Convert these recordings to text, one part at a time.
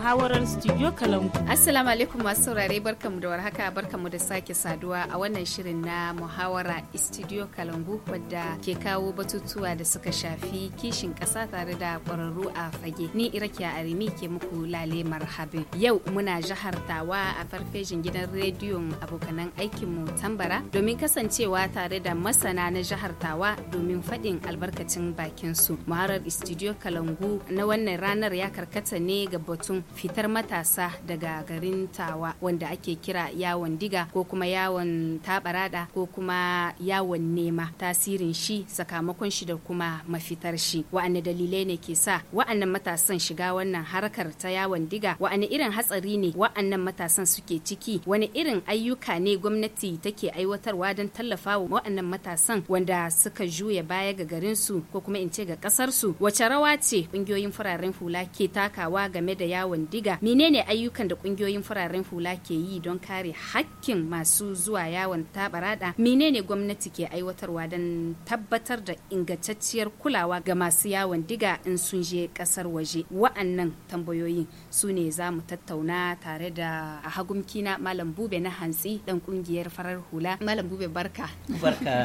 muhawarar studio kalangu assalamu alaikum masu saurare barkamu da warhaka barkamu da sake saduwa a wannan shirin na muhawara studio kalangu wadda ke kawo batutuwa da suka shafi kishin kasa tare da kwararru a fage ni irakiya arimi ke muku lale marhabin yau muna jihar tawa a farfejin gidan rediyon abokanan aikin mu tambara domin kasancewa tare da masana na jihar tawa domin faɗin albarkacin bakin su muharar studio kalangu na wannan ranar ya karkata ne ga batun fitar matasa daga garin tawa wanda ake kira yawon diga ko kuma yawon tabarada ko kuma yawon nema tasirin shi sakamakon shi da kuma mafitar shi wa'anne dalilai ne ke sa wa'annan matasan shiga wannan harkar ta yawon diga wa'anne irin hatsari ne wa'annan matasan suke ciki wani irin ayyuka ne gwamnati take aiwatarwa don tallafa wa wa'annan matasan wanda suka juya baya ga garin su ko kuma in ce ga kasar su wace rawa ce kungiyoyin fararen hula ke takawa game da yawon diga menene ayyukan da kungiyoyin fararen hula ke yi don kare hakkin masu zuwa yawon tabarada menene gwamnati ke aiwatarwa don tabbatar da ingantacciyar kulawa ga masu yawon diga in sun je kasar waje wa'annan tambayoyin su ne za mu tattauna tare da a hagumki malam bube na hantsi dan kungiyar farar hula malam bube barka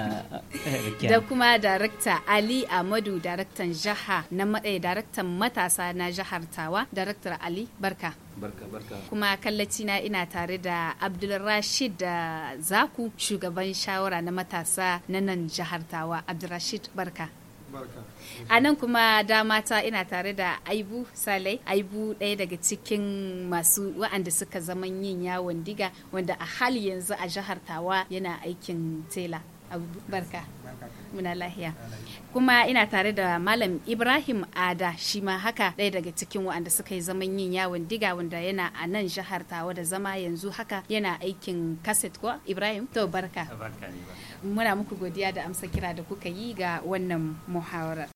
da kuma darakta ali amadu daraktan jaha na eh, matasa na jahar tawa daraktar ali barka. barka. Kuma kallaci na ina tare da Abdulrashid da Zaku shugaban shawara na matasa na nan jihar Tawa. Abdulrashid barka. A nan kuma dama ta ina tare da Aibu Salai, Aibu ɗaya daga cikin masu wa'anda suka zaman yin yawon diga wanda a hali yanzu a jihar Tawa yana aikin tela. barka muna lahiya kuma ina tare da malam ibrahim ada shi ma haka ɗaya daga cikin waɗanda suka yi zaman yin yawon diga wanda yana a nan jihar tawa da zama yanzu haka yana aikin kaset ko ibrahim to barka muna muku godiya da amsa kira da kuka yi ga wannan muhawarar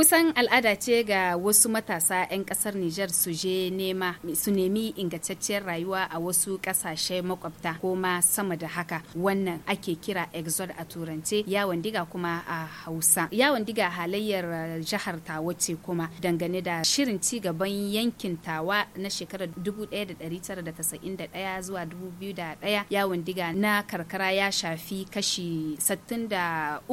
kusan al'ada ce ga wasu matasa 'yan kasar Nijar su je nema su nemi ingantacciyar rayuwa a wasu kasashe makwabta ko ma sama da haka wannan ake kira exod a turance yawon diga kuma a Hausa yawon diga halayyar jihar Tawa ce kuma dangane da shirin ci gaban yankin Tawa na shekarar 1991 zuwa 2001 yawon diga na karkara ya shafi kashi 63.78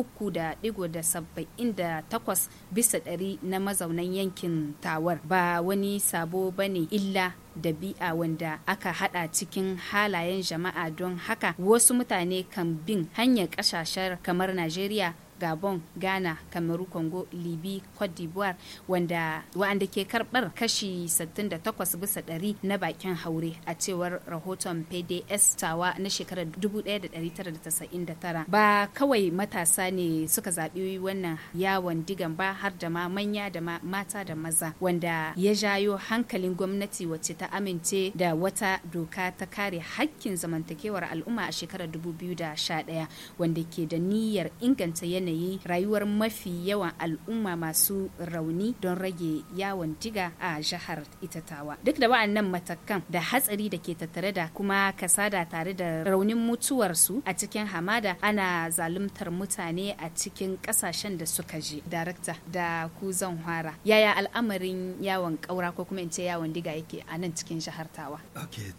bisa bisa ɗari na mazaunan yankin tawar ba wani sabo ba ne illa dabi'a wanda aka hada cikin halayen jama'a don haka wasu mutane kan bin hanyar ƙasashen kamar najeriya gabon ghana kamaru congo libi cote d'ivoire wanda wa'anda ke karbar kashi 68 bisa ɗari na bakin haure a cewar rahoton pds tawa na shekarar 1999 ba kawai matasa ne suka zaɓi wannan yawon digan ba har da ma manya da mata da maza wanda ya jayo hankalin gwamnati wacce ta amince da wata doka ta kare hakkin zamantakewar al'umma a shekarar 2011 wanda ke da niyyar inganta yanayi yanayin rayuwar mafi yawan al'umma masu rauni don rage yawon diga a jihar itatawa duk da wa'annan matakan da hatsari da ke tattare da kuma kasada tare da raunin mutuwarsu a cikin hamada ana zaluntar mutane a cikin kasashen da suka je darakta da ku zan hwara yaya al'amarin yawon kaura ko kuma in ce yawon diga yake a nan cikin jihar tawa okay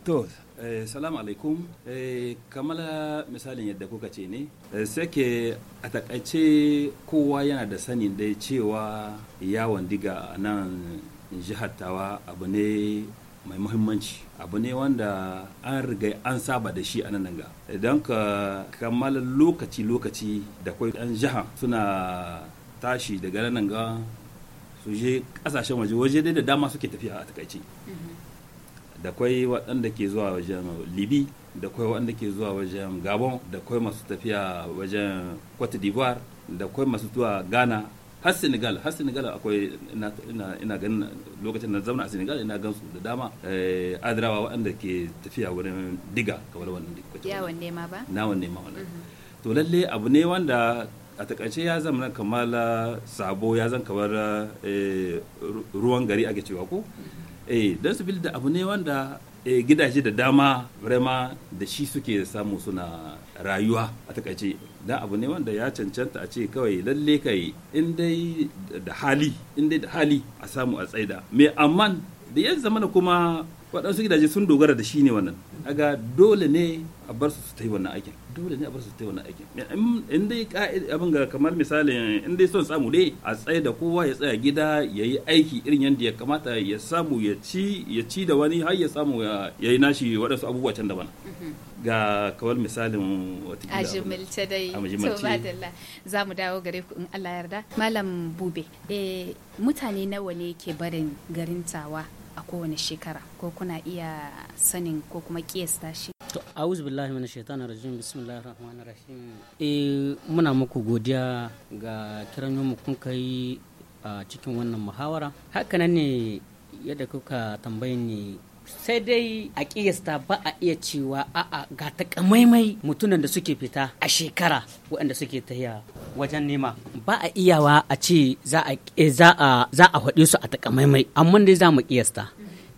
Eh, salamu alaikum eh, kamala misalin yadda kuka ce ne eh, sake a takaice kowa yana da sanin dai cewa yawon diga anan nan jihar tawa abu ne mai muhimmanci abu ne wanda an riga an saba da shi a nan ga don ka kamala lokaci-lokaci da kwai ɗan jiha suna tashi daga nan ga su ƙasashen waje waje dai da dama suke tafiya a takaice mm-hmm. da kwai waɗanda ke zuwa wajen libi da kwai waɗanda ke zuwa wajen gabon da kwai masu tafiya wajen cote d'ivoire da kwai masu zuwa ghana har senegal har senegal akwai ina ganin lokacin na zauna a senegal ina gansu da dama eh, adrawa waɗanda ke tafiya wurin diga kamar wannan diga yawon nema ba na wani nema wannan mhm. to lalle abu ne wanda a takaice ya zama kamar ah, sabo ya zan kamar ah, eh, ruwan gari ake cewa ko mhm. eh don su da abu ne wanda e, gidaje da dama rema da shi suke samu suna rayuwa a takaice dan abu ne wanda ya cancanta a ce kawai lalle kai in dai da hali in dai da hali a samu a tsaida mai amman da yanzu zamana kuma waɗansu gidaje sun dogara da shi ne wannan kaga dole ne a bar su ta yi wannan aikin dole ne a bar su ta yi wannan aikin in dai ka'id abin ga kamar misali in dai son samu dai a tsaye da kowa ya tsaya gida ya yi aiki irin yadda ya kamata ya samu ya ci ya ci da wani har ya samu ya yi nashi waɗansu abubuwa can daban mhm. ga kawal misalin watakila a jimilce dai to badalla za mu dawo gare ku in Allah yarda malam bube eh, mutane nawa ne ke barin garin tawa a kowane shekara ko kuna iya sanin ko kuma kiyasta shi to auzu billahi minash shaitani rajim bismillahir rahmanir rahim eh muna muku godiya ga kiran mu kun kai a cikin wannan muhawara hakanan ne yadda kuka tambayin ni. sai dai a kiyasta ba a iya cewa a'a ga takamaimai mutunan da suke fita a shekara waɗanda suke tahiya wajen nema ba a iyawa a ce za a haɗe eh, su a takamaimai amma dai za mu kiyasta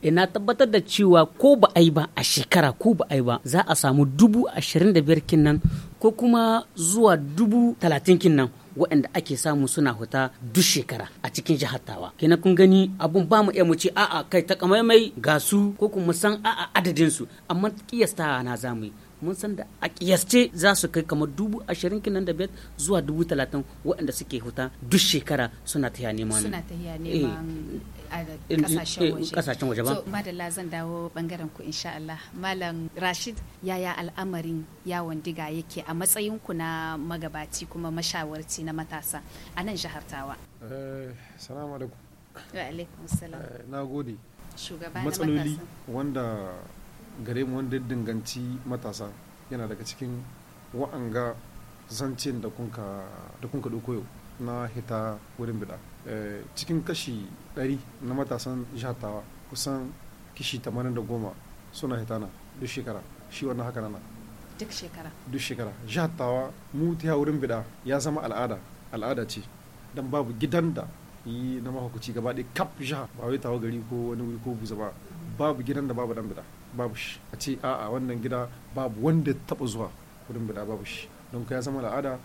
ina eh, tabbatar da cewa ko ba a yi ba a shekara ko ba a yi ba za a samu dubu ashirin da biyar kinnan ko kuma zuwa dubu talatin kinnan waɗanda ake samu suna huta duk shekara a cikin jihar tawa kenan kun gani abun ba mu iya mu ce a'a kai ta kamaimai ga su ko kuma san a'a adadin su amma kiyastawa na zamu yi mun san da a kiyasce za su kai kamar dubu ashirin kinan da biyar zuwa dubu talatin waɗanda suke huta duk shekara suna ta neman suna ta eh, neman kasashen eh, waje ba. So, madalla zan dawo bangaren ku insha Allah. Malam Rashid yaya al'amarin yawon diga yake a matsayin ku na magabaci kuma mashawarci na matasa a nan jihar Tawa. Eh, salamu alaikum. Wa alaikum salam. Na gode. Shugaba na matasa. Matsaloli wanda gare mu wanda danganci matasa yana daga cikin wa'anga zancen da kunka da yau na hita wurin bida eh, cikin kashi 100 na matasan jatawa kusan kishi 80 suna hitana duk shekara shi wannan haka nana duk shekara duk shekara jatawa mu ta wurin bida ya zama al'ada al'ada ce dan babu gidan da yi na mahaukaci gaba ɗaya kap jiha ba wai tawa gari ko wani wuri ko buza ba babu gidan da babu dan bida babu shi a ce a'a wannan gida babu wanda taba zuwa wurin bida babu shi don ka ya zama al'ada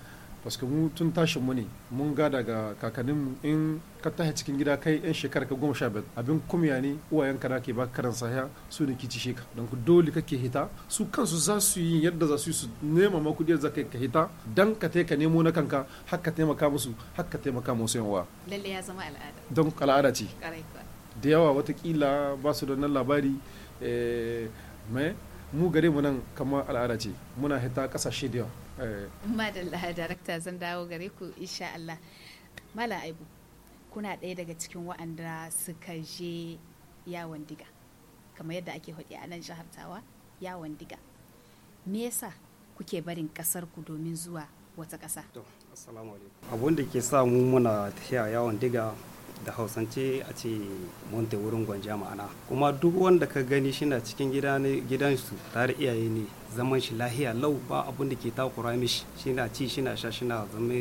paske mu tun tashin mu ne mun ga daga kakannin in ka tashi cikin gida kai yan shekara ka goma sha biyar abin kumya ne uwayen ka ke ba karan sahiya su ne ki ci sheka don ku dole kake hita su kansu za su yi yadda za su yi su nema ma kudi za ka hita dan ka ka nemo na kanka haka taimaka musu haka taimaka musu yan uwa lalle ya zama al'ada don al'ada ce da yawa watakila ba su da nan labari eh, mai mu gare mu nan kama al'ada ce muna hita kasashe da yawa eh, madalla darakta zan dawo gare ku insha Allah mala aibu kuna ɗaya daga cikin wa'anda suka je yawon diga kamar yadda ake hudu a nan shahartawa yawon diga me yasa kuke barin ƙasar ku domin zuwa wata ƙasa abun da ke sa mu muna tafiya yawon diga da hausance a ce monte wurin gwanja ma'ana kuma duk wanda ka gani shina cikin gidansu tare iyaye ne zaman shi lahiya lau ba abun da ke takura mishi shina ci shina sha shina zama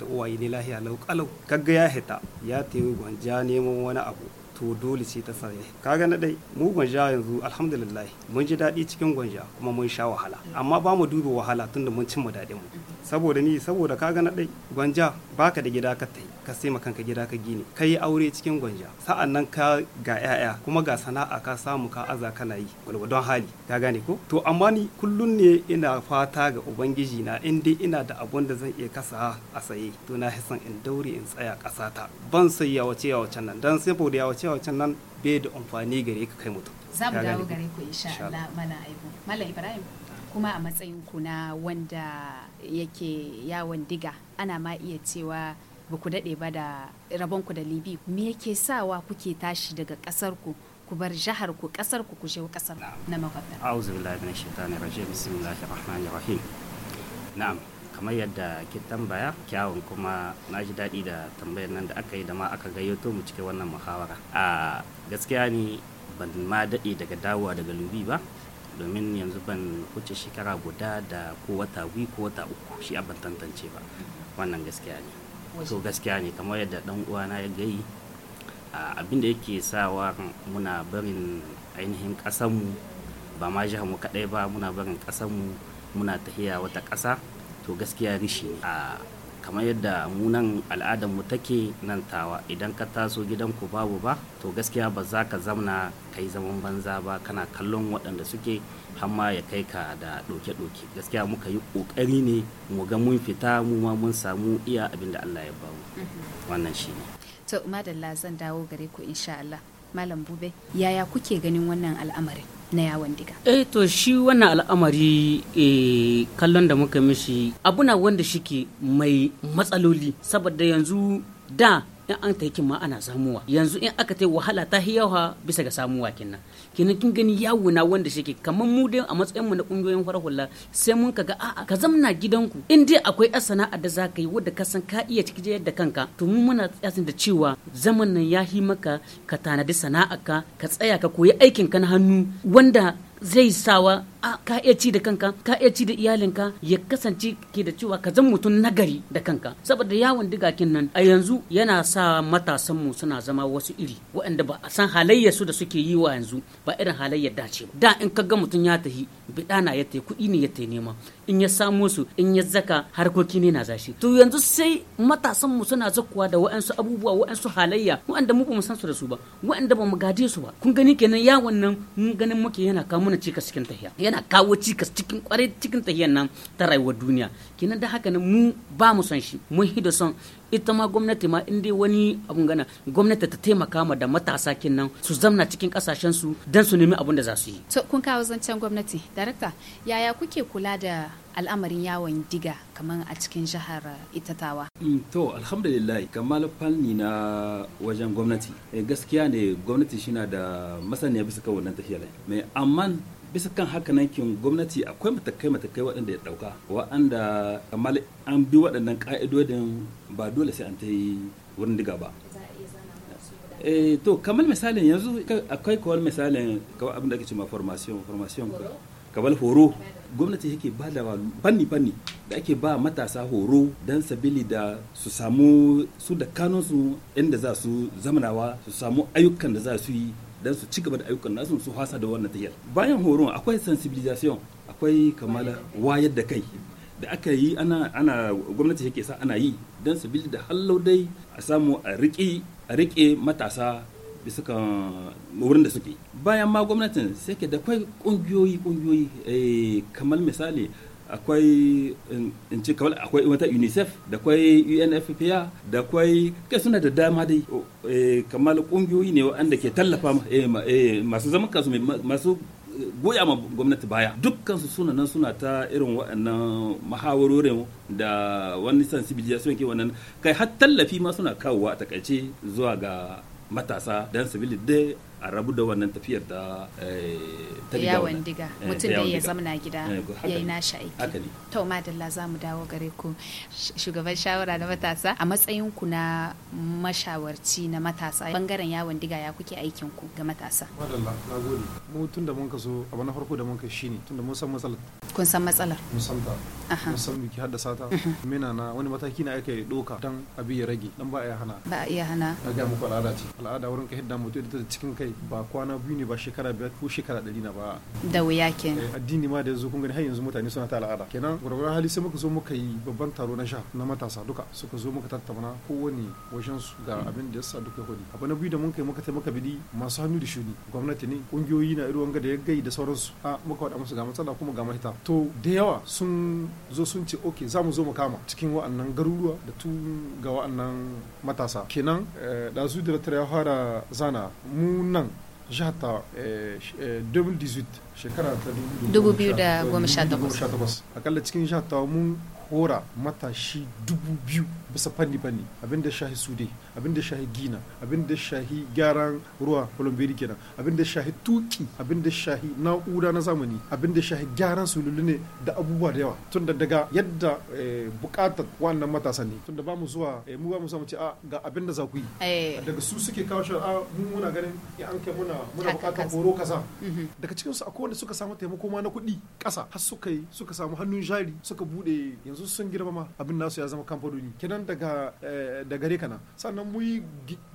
da uwaye ne lahiya lau kalau kaga ya hita ya tewi gwanja neman wani abu to dole sai ta sare kaga na dai mu gwanja yanzu alhamdulillah mun ji daɗi cikin gwanja kuma mun sha wahala amma ba mu duba wahala tunda mun mu daɗin mu saboda ni saboda kaga na dai gwanja baka da gida ka tai ka sai kanka gida ka gini ka yi aure cikin gwanja sa'an nan ka ga 'ya'ya kuma ga sana'a ka samu ka aza kana yi don hali ka gane ko to amma ni kullum ne ina fata ga ubangiji na in dai ina da abun da zan iya kasa a saye to na hisan in daure in tsaya kasata ban sai yawace yawacen nan dan saboda yawace can nan bai da amfani gare ka kai mutum za mu dawo gare ku insha Allah mana aibu mala ibrahim kuma a matsayin ku na wanda yake yawon diga ana ma iya cewa ba ku daɗe ba da rabon ku da libi me yake sawa kuke tashi daga ƙasar ku ku bar jihar ku ƙasar ku ku je ƙasar na makwabta a'udhu billahi minash shaitani rajim bismillahir rahmanir rahim na'am kamar yadda ki tambaya kyawun kuma na ji daɗi da tambayar nan da aka yi da ma aka gayyato mu cike wannan muhawara a gaskiya ne ban ma daɗe daga dawowa daga lubi ba domin yanzu ban wuce shekara guda da ko wata biyu ko wata uku shi ban tantance ba wannan gaskiya ne to gaskiya ne kamar yadda ɗan uwana ya gayi abinda yake sawa muna barin ainihin ƙasanmu ba ma jihar mu kaɗai ba muna barin ƙasanmu muna tahiya wata ƙasa to gaskiya rishi ne a kamar yadda munan al'adar mu take nan tawa idan ka taso gidan ku babu ba to gaskiya ba za ka zamna kai zaman banza ba kana kallon waɗanda suke hamma ya kai ka da ɗoke-ɗoke gaskiya muka yi ƙoƙari ne mu ga mun fita mu ma mun samu iya abinda Allah ya bamu mm-hmm. wannan shi ne to madalla zan dawo gare ku insha Allah malam bube yaya kuke ganin wannan al'amarin na yawon diga eh to shi wannan al'amari eh, kallon da muka mishi abu na wanda shike mai matsaloli saboda yanzu da in an ta ma ana samuwa yanzu in aka ta wahala ta yawa bisa ga samuwa kenan kenan kin gani yawo na wanda shi ke kamar mu dai a matsayin mu na kungiyoyin farahulla sai mun kaga a ka zamna gidanku in dai akwai a sana'a da za ka yi wadda ka san ka iya ciki yadda kanka to mu muna tsayin da cewa zaman nan ya hi maka ka tanadi sana'a ka ka tsaya ka koyi aikin ka na hannu wanda zai sawa a ka iya ci da kanka ka iya ci da iyalinka ya kasance ke da cewa ka zan mutum nagari da kanka saboda yawon digakin nan a yanzu yana sa matasan mu suna zama wasu iri waɗanda ba a san halayyar su da suke yi wa yanzu ba irin halayyar dace ba da in ka ga mutum ya tafi biɗa na ya tafi kuɗi ne ya tafi nema in ya samo su in ya zaka harkoki ne na zashi to yanzu sai matasan mu suna zakuwa da waɗansu abubuwa waɗansu halayya waɗanda mu ba san su da su ba waɗanda ba mu su ba kun gani kenan yawon nan mun ganin muke yana kawo mana cikas cikin tahiya yana kawo cikas cikin kwarai cikin tahiyar nan ta rayuwar duniya kenan da haka nan mu ba mu son shi mun hi da son ita ma gwamnati ma in dai wani abun gana gwamnati ta taimaka ma da matasa kenan su zamna cikin kasashen su dan su nemi abun da za su yi to kun kawo zancen gwamnati director yaya kuke kula da al'amarin yawon diga kamar a cikin jihar itatawa mm, to alhamdulillah kamar fanni na wajen gwamnati eh, gaskiya ne gwamnati shi na da masaniya bisa kan wannan tafiyar mai amman bisa kan haka nan kin gwamnati akwai matakai matakai waɗanda ya ɗauka waɗanda kamar an bi waɗannan ƙa'idodin ba dole sai an ta yi wurin diga ba eh to kamar misalin yanzu akwai kawar misalin kawai abin da ake cewa formation formation ka kamar horo gwamnati yake ba da fanni fanni da ake ba matasa horo don sabili da su samu su da kanunsu inda za su zamanawa su samu ayyukan da za su yi don su ci gaba da ayyukan nasu su hasa da wannan tahiyar bayan horon akwai sensibilisation akwai kamala wayar da kai da aka yi ana ana gwamnati yake sa ana yi don su da hallo dai a samu a riƙe a riƙe matasa bisa kan wurin da suke bayan ma gwamnatin sai ke da kwai ƙungiyoyi ƙungiyoyi eh, kamar misali akwai in ce kamar akwai wata unicef da kwai unfpa da kwai ke suna da dama dai eh, kamar kungiyoyi ne wanda ke tallafa eh, eh, masu zaman kansu masu goya ma gwamnati baya dukkansu suna nan suna ta irin waɗannan mahawarorin da wani sensibilization su yanke wannan kai har tallafi ma suna kawowa a takaice zuwa ga matasa dan sabili da a rabu da wannan tafiyar ta eh, ta yawon diga eh, mutum da ya zamana gida eh, ya yi nashi aiki to madalla za mu dawo gare ku shugaban shawara na matasa a matsayin ku na mashawarci na matasa bangaren yawon diga ya kuke aikin ku ga matasa madalla na gode mu tun da mun ka so abu na farko da mun ka shine tun da mun san matsalar kun san matsalar mun san ta mun san miki haddasa ta mena mhm. na wani mataki na aka yi doka dan abi ya rage dan ba a iya hana ba a iya hana ga muku al'ada ce al'ada wurin ka hidda mutu da cikin kai ba kwana biyu ne ba shekara biyar ko shekara ɗari na ba da wuya kenan eh, addini ma da yanzu kun gani har yanzu mutane suna ta al'ada kenan gwargwaron hali sai muka zo muka yi babban taro na sha na matasa duka suka zo muka tattauna kowane wajen su ga abin da ya sa duka kudi abu na biyu da mun kai muka taimaka bidi masu hannu da shuni gwamnati ne kungiyoyi na irin wanga da ya gai da sauransu a muka faɗa musu ga matsala kuma ga mahita to da yawa sun zo sun ce ok za mu zo mu kama cikin wa'annan garuruwa da tun ga wa'annan matasa kenan da su da ya fara zana mu nan jihar ta 2018 shekara ta 2018 akalla cikin jihar ta mun hora matashi dubu biyu bisa fanni-fanni abin da shahi sude abin da shahi gina abin da shahi gyaran ruwa colomberi kenan abin da shahi tuki abin da shahi na'ura na zamani abin da shahi gyaran sululu ne da abubuwa da yawa tun da daga yadda eh, bukatar wannan matasa ne tun da ba mu zuwa eh, mu ba mu samu ce a ah, ga abin da za ku yi eh. daga su suke kawo shi a ah, mu muna ganin ya an kai muna muna bukatar horo kasa mm-hmm. daga cikin su akwai wanda suka samu taimako ma na kuɗi kasa har suka yi suka samu hannun jari suka bude yanzu sun girma ma abin nasu ya zama kamfanoni kenan nan eh, daga gare ka nan sannan mu yi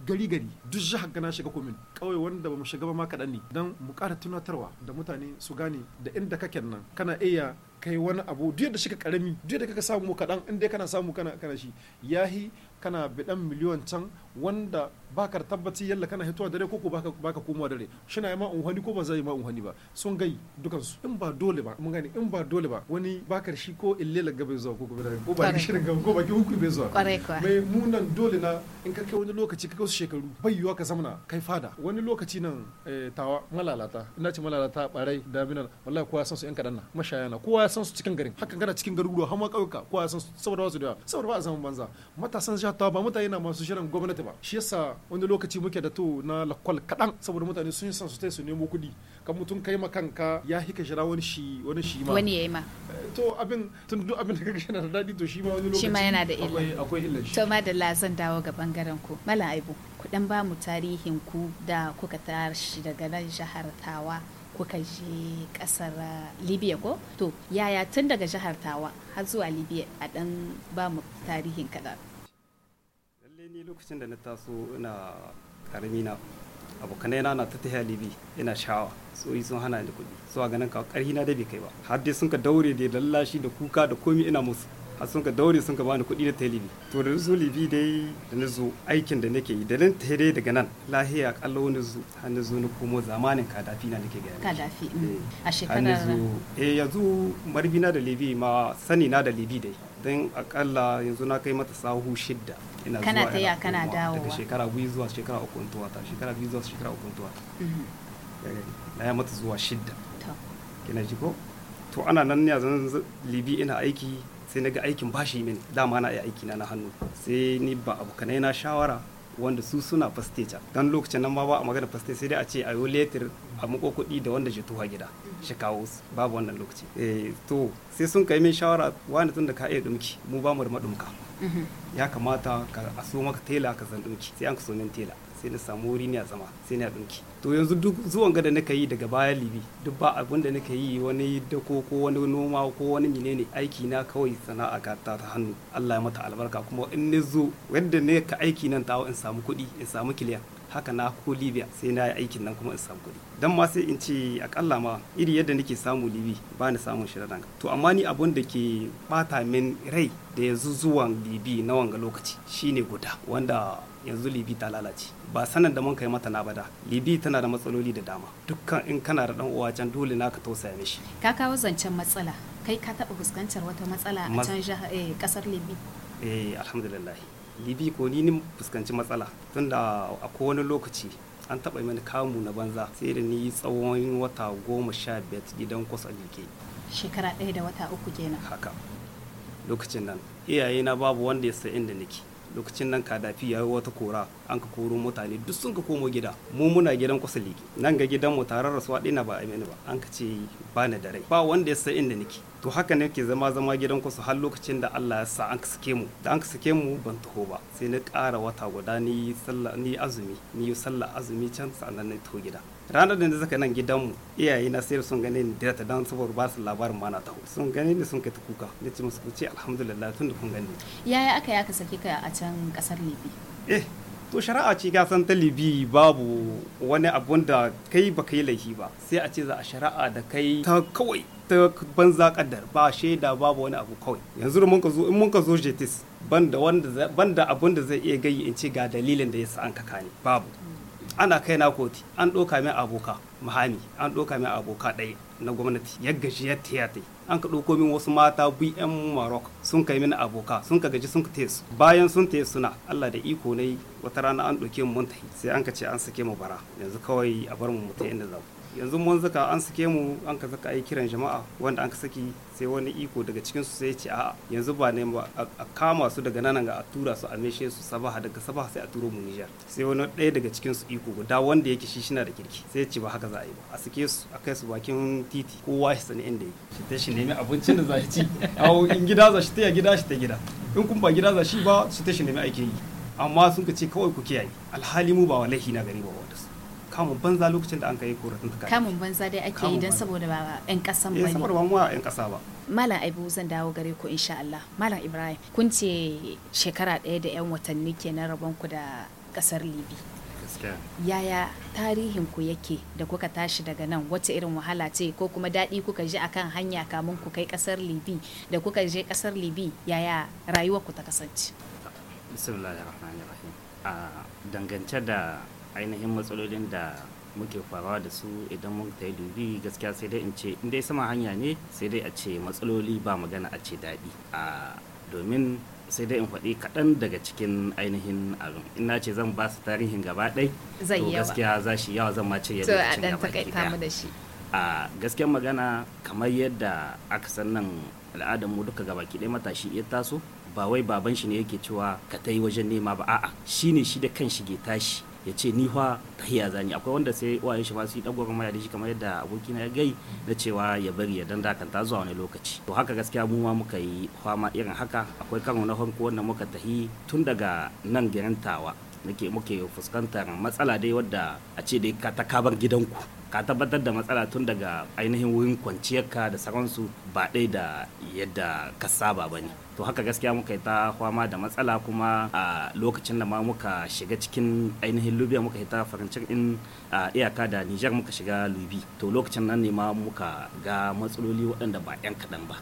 gari gari duk jihar gana shiga komin kawai wanda ba mu shiga ba ma kaɗan ne don mu ƙara tunatarwa da mutane su gane da inda kake nan kana iya kai wani abu duk da shi ka karami duk da kaka samu kaɗan in kana samu kana kana shi yahi kana bidan miliyon can wanda baka tabbaci yalla kana hitowa dare ko baka baka komowa dare shina yi ma unhani ko ba zai ma unhani ba sun gai dukan su in ba dole ba mun gani in ba dole ba wani bakar shi ko illela ga bai zuwa ko ko ko ba shirin ga ko ba ki hukuri bai zuwa mai mun nan dole na in ka kai wani lokaci ka kai wasu shekaru bai yiwa ka zamana kai fada wani lokaci nan eh, tawa malalata ina ce malalata barai damina wallahi kowa san su yan kadan na mashaya na kowa san su cikin garin hakan kana cikin garuruwa har ma kauka kowa san su saboda wasu da saboda ba a zaman banza matasan sha hatta ba mutane na masu shirin gwamnati ba shi yasa wani lokaci muke da to na lakwal kaɗan saboda mutane sun son su su nemo kuɗi Ka mutum kai ma kanka ya hika shira wani shi wani shi ma wani yayi ma eh, to abin tun duk abin da kake yana da daɗi to shi ma wani lokaci shi ma yana da illa akwai illa shi to madalla zan dawo ga bangaren ku malam aibu ku dan ba mu tarihin ku da kuka tashi daga nan jihar Tawa kuka je kasar uh, libya ko to yaya tun daga jihar tawa har zuwa libya a dan ba mu tarihin kaɗan lokacin da na taso ina karami na abokanai na na ta tafiya libi ina sha'awa tsoyi sun hana ni kuɗi zuwa a ganin ka karhi na da bai kai ba har dai sun ka daure da lallashi da kuka da komi ina musu har sun ka daure sun ka bani kuɗi na ta libi to da zo libi dai da na zo aikin da nake yi da nan ta dai daga nan lahiya kallo wani zo har na zo na komo zamanin kadafi na nake gaya kadafi mm, eh, a shekarar eh yanzu marbina da libi ma sani na da libi dai don akalla yanzu na kai mata sahu shidda ina kana ta ya kana dawo daga shekara biyu zuwa shekara uku in ta shekara biyu zuwa shekara uku in ta mm-hmm. eh, na ya mata zuwa shidda kina ji ko to ana nan ne a zan libi ina aiki sai na ga aikin bashi min dama na aiki na na hannu sai ni ba abokanai na shawara wanda su suna fasteja don lokacin nan ma ba a magana faste sai dai a ce a yi letir a mako kuɗi da wanda jituwa gida shi kawo babu wannan lokaci eh, to sai sun kai min shawara wani tun da ka iya dumki mu ba mu da madumka mm-hmm. ya kamata ka a so maka tela ka san dumki sai an ka so min tela sai na samu wuri ne a zama sai na dumki to yanzu duk zuwan gada nake yi daga baya libi duk ba abin da nake yi wani dako ko wani noma ko wani menene aiki na kawai sana'a ga ta hannu Allah ya mata albarka kuma in na zo yadda ne ka aiki nan tawo in samu kuɗi in samu kiliyan haka na ko libya sai na yi aikin nan kuma in samu kuɗi don ma sai in ce akalla ma iri yadda nake samu libi ba ni samun shi da to amma ni abun da ke bata min rai da yanzu zuwan libi na wanga lokaci shine guda wanda yanzu libi ta lalace ba sanan da mun kai mata na bada libi tana da matsaloli da dama dukkan in kana da dan uwa can dole naka tausaya mishi ka kawo zancen matsala kai ka taɓa fuskantar wata matsala a can kasar eh, libi eh alhamdulillah libi ko ni nin fuskanci matsala tunda a kowane lokaci an taɓa mini kamu na banza sai da ni tsawon wata goma sha biyar gidan kwasa duke shekara ɗaya da wata uku kenan haka lokacin nan iyaye na babu wanda ya sa inda nake lokacin nan kadafi ya yi wata kora an ka koro mutane duk sun ka komo gida mu muna gidan kwasa liki nan ga gidan mu tarar rasuwa ɗina ba a ba an ka ce ba ni da rai ba wanda ya sa inda nake to haka ne ke zama zama gidan kusa har lokacin da Allah ya sa an sake mu da an sake mu ban taho ba sai na ƙara wata guda ni sallah ni azumi ni sallah azumi can sannan na taho gida ranar da zaka nan mu iyaye na sai sun gane ni da ta dan saboda ba su labarin ma na taho sun gane ni sun kai ta kuka ni ce musu ce alhamdulillah tun da kun gane yaya aka yaka sake ka a can kasar Libi eh to shari'a ce ga san libi babu wani abun da kai ba kai laifi ba sai a ce za a shari'a da kai ta kawai ta banza kadar ba shaida babu wani abu kawai yanzu da muka zo in muka zo jetis banda abun da zai iya gayi in ce ga dalilin da yasa an kaka ne babu ana kai na koti an ɗauka min aboka muhami an ɗauka min aboka ɗaya na gwamnati ya gaji ya tiyata an ka ɗauko min wasu mata bi yan marok sun kai mini aboka sun ka gaji sun ka tesu bayan sun tesu suna allah da iko yi wata rana an ɗauke mu mun sai an ka ce an sake mu bara yanzu kawai a bar mu mutu inda zamu yanzu mun zaka an sake mu an ka zaka yi kiran jama'a wanda an ka saki sai wani iko daga cikin su sai ce a'a yanzu ba ne ba a kama su daga nan ga a tura su a meshe su sabaha daga sabaha sai a turo mu Niger sai wani ɗaya daga cikin su iko guda wanda yake shi shina da kirki sai ce ba haka za a yi ba a sake su a kai su bakin titi kowa shi sani inda yake shi ta shi nemi abincin da za ci awo in gida za shi ta gida shi ta gida in kun ba gida za shi ba shi ta shi nemi aiki yi amma sun ka ce kawai ku kiyaye alhali mu ba wallahi na gari ba kamun banza lokacin da an kai korafin ta kamun banza dai ake yi don saboda ba yan kasan eh, ba ne saboda ba mu yan kasa ba malam aibu zan dawo gare ku insha Allah malam ibrahim kun ce shekara ɗaya da yan watanni kenan rabon ku da kasar libi yaya tarihin ku yake da kuka tashi daga nan wata irin wahala ce ko kuma daɗi kuka ji akan hanya kamun ku kai kasar libi da kuka je kasar libi yaya rayuwar ku ta kasance bismillahirrahmanirrahim a ah, dangance da ainihin matsalolin da muke farawa da su idan mun ta dubi gaskiya sai dai in ce in dai sama hanya ne sai dai a ce matsaloli ba magana a ce daɗi a domin sai dai in faɗi kaɗan daga cikin ainihin abin in ce zan ba su tarihin gaba ɗai to gaskiya za shi yawa zan ma ce ya da cikin gaba ɗaya a gaskiyar magana kamar yadda aka san nan al'adar mu duka gaba ki matashi ya taso ba wai baban shi ne yake cewa ka ta yi wajen nema ba a'a shine shi da kan shi ke tashi ya ce ni fa za zani akwai wanda sai waye shi ma su yi dagwaron maya da shi kamar yadda abokina ya gai na cewa ya bari ya danda kan ta zuwa wani lokaci to haka gaskiya mu ma muka yi fama irin haka akwai karo na farko wanda muka tahi tun daga nan girantawa nake muke fuskantar matsala dai wadda a ce dai ka ta kabar gidanku ka tabbatar da matsala tun daga ainihin wurin kwanciyarka da sauransu ba ɗai da yadda ka saba ba ne to haka gaskiya muka yi ta fama da matsala kuma a lokacin da ma muka shiga cikin ainihin lubiya muka yi ta farancin in a iyaka da nijar muka shiga lubi to lokacin nan ne ma muka ga matsaloli waɗanda ba 'yan kaɗan ba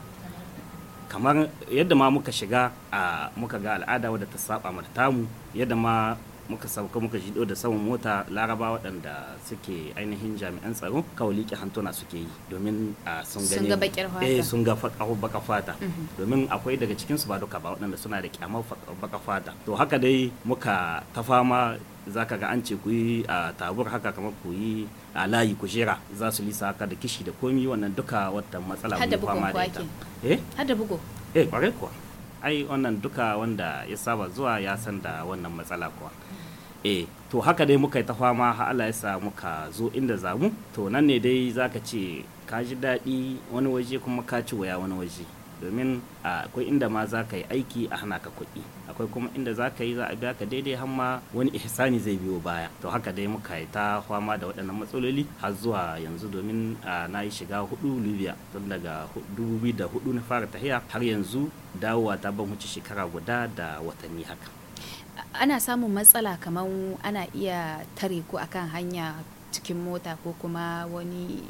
kamar yadda ma muka shiga a muka ga al'ada wadda ta saba mata tamu yadda ma muka sauka muka shido da saman mota laraba waɗanda suke ainihin jami'an tsaro kawai liƙe hantuna suke yi domin a sun gani sun ga baka fata eh, mhm. domin akwai daga cikinsu ba duka ba waɗanda suna da kyamar baka fata to haka dai muka ta fama za ka ga an ce ku yi a tabur haka kamar ku yi a layi ku jera za su lisa haka da kishi da komi wannan duka wata matsala fama da ita eh hada bugu. eh kwarai kuwa ai wannan duka wanda ya saba zuwa ya san da wannan matsala kuwa eh to haka dai muka yi ta fama har Allah ya sa muka zo inda zamu to nan ne dai zaka ce ka ji daɗi wani waje kuma ka ci waya wani waje domin akwai inda ma za ka yi aiki a hana ka kuɗi akwai kuma inda za ka yi za a biya ka daidai hamma wani ihsani zai biyo baya to haka dai muka yi ta fama da waɗannan matsaloli har zuwa yanzu domin na yi shiga hudu libya tun daga dubu biyu da hudu na fara tahiya har yanzu dawowa ta ban wuce shekara guda da watanni haka ana samun matsala kamar ana iya tare ku akan hanya cikin mota ko kuma wani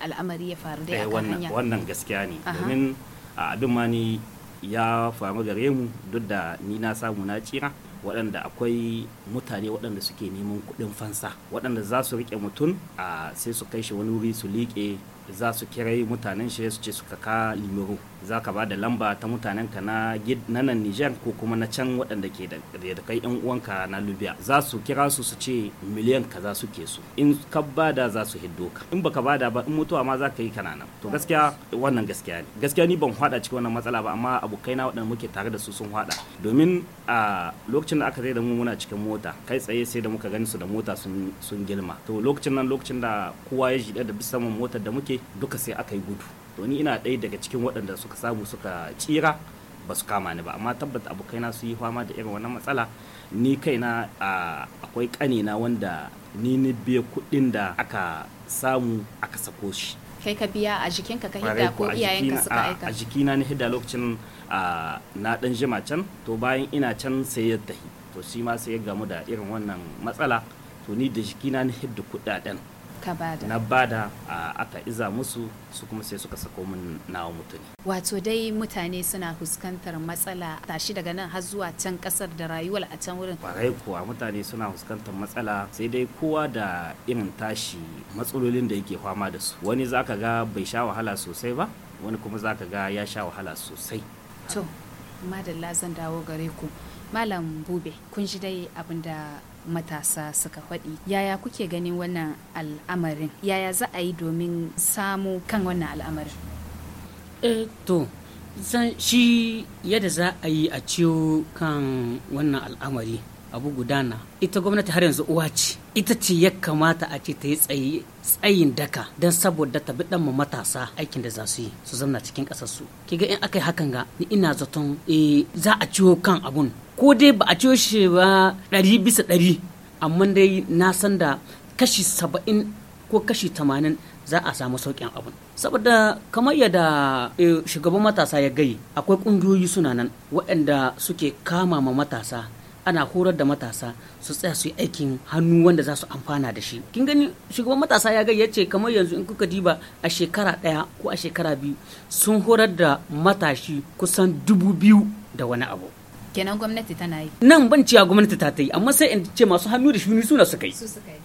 al'amari ya faru dai akan eh, hanya wannan gaskiya ne domin abin ma ni ya faru gare mu duk da ni na samu na tsira waɗanda akwai mutane waɗanda suke neman kuɗin fansa waɗanda za su riƙe mutum sai su kai shi wani wuri su liƙe za su kirai mutanen shi su ce suka ka limuru za ka ba da lamba ta mutanen mutanenka na nan Nijar ko kuma na can waɗanda ke da kai yan uwanka na Libya za su kira su su ce miliyan kaza suke su in ka ba da za su hiddo ka in baka bada ba in mutuwa ma za ka yi kana nan to gaskiya wannan gaskiya ne gaskiya ni ban hada cikin wannan matsala ba amma abokaina waɗanda muke tare da su sun hada domin a lokacin da aka zai da mu muna cikin mota kai tsaye sai da muka gani su da mota sun girma to lokacin nan lokacin da kowa ya jiɗa da bisa motar da muke duka sai aka yi gudu to ni ina ɗaya daga cikin waɗanda suka samu suka tsira ba su kama ni ba amma tabbata abokaina su yi fama da irin wannan matsala ni kaina akwai kanina wanda ni ni biya kuɗin da aka samu aka sako shi kai ka biya a jikinka ka hidda ko iyayenka suka aika a jikina ni hidda lokacin na ɗan jima can to bayan ina can sai ya tahi to shi ma sai ya gamu da irin wannan matsala to ni da jikina ni hidda kuɗaɗen na bada a aka iza musu su kuma sai suka sako mun nawa mutane wato dai mutane suna fuskantar matsala tashi daga nan har zuwa can kasar da rayuwar a can wurin kwarai kuwa mutane suna fuskantar matsala sai dai kowa da irin tashi matsalolin da yake fama da su wani zaka ga bai sha wahala sosai ba wani kuma zaka ga ya sha wahala sosai to madalla zan dawo gare ku malam bube kun ji dai abin da matasa suka faɗi yaya kuke ganin wannan al'amarin yaya za a yi domin samu kan wannan al'amarin eh to zan shi yadda za a yi a ciwo kan wannan al'amari abu gudana ita gwamnati har yanzu uwa ce ita ce ya kamata a ce ta yi tsayin daka don saboda ta bi mu matasa aikin da za su yi su zamna cikin ƙasarsu ki ga in aka yi hakan ga ni ina zaton eh, za a ciwo kan abun ko dai ba a ciyo shi ba ɗari bisa ɗari amma dai na san da kashi saba'in ko kashi tamanin za a samu sauƙin abun saboda kamar yadda eh, shugaban matasa ya gai akwai ƙungiyoyi suna nan waɗanda suke kama ma matasa ana horar da matasa su tsaya su yi aikin hannu wanda za su amfana da shi kin gani shugaban matasa ya ya yace kamar yanzu in kuka diba a shekara ɗaya ko a shekara biyu sun horar da matashi kusan dubu biyu da wani abu kenan gwamnati tana yi nan ban cewa gwamnati ta ta yi amma sai in ce masu hannu da shuni suna suka yi